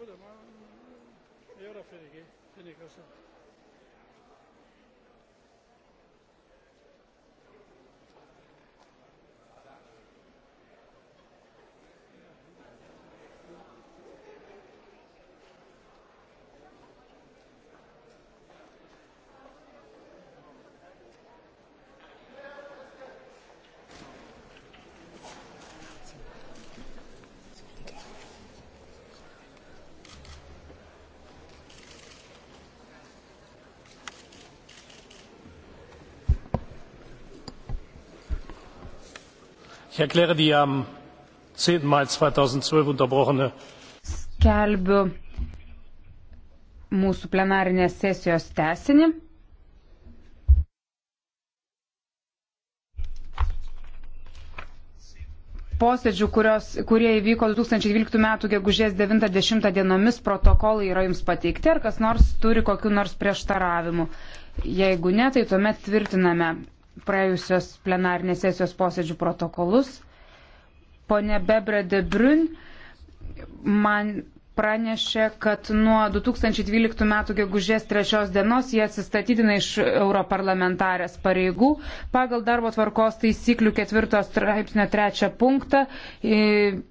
kutkuda man jau yra finikai finikas ich erkläre die am. zehn mai zweitausendzwölf unterbrochene skelbiu mūsų plenarinės sesijos tęsinį. posėdžių, kurios, kurie įvyko 2012 m. gegužės 9-10 dienomis, protokolai yra jums pateikti, ar kas nors turi kokiu nors prieštaravimu. Jeigu ne, tai tuomet tvirtiname praėjusios plenarnės sesijos posėdžių protokolus. Pone Bebre de Brun man pranešė, kad nuo 2012 m. gegužės 3 dienos jie atsistatydina iš europarlamentarės pareigų. Pagal darbo tvarkos taisyklių 4 straipsnio 3 punktą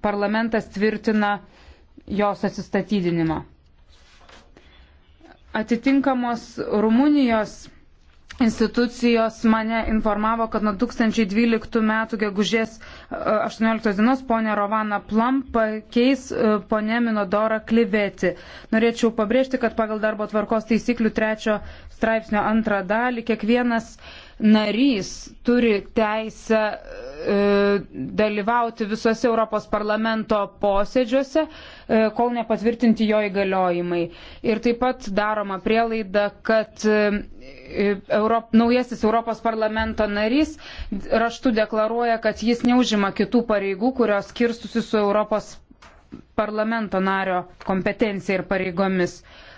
parlamentas tvirtina jos atsistatydinimą. Atitinkamos Rumunijos institucijos mane informavo, kad nuo 2012 metų gegužės 18 e, dienos ponė Rovana Plam pakeis e, ponė Minodora Kliveti. Norėčiau pabrėžti, kad pagal darbo tvarkos taisyklių trečio straipsnio antrą dalį kiekvienas narys turi teisę E, dalyvauti visuose Europos parlamento posėdžiuose, e, kol nepatvirtinti jo įgaliojimai. Ir taip pat daroma prielaida, kad e, Europ, naujasis Europos parlamento narys raštu deklaruoja, kad jis neužima kitų pareigų, kurios skirstusi su Europos parlamento nario kompetencija ir pareigomis. Uh,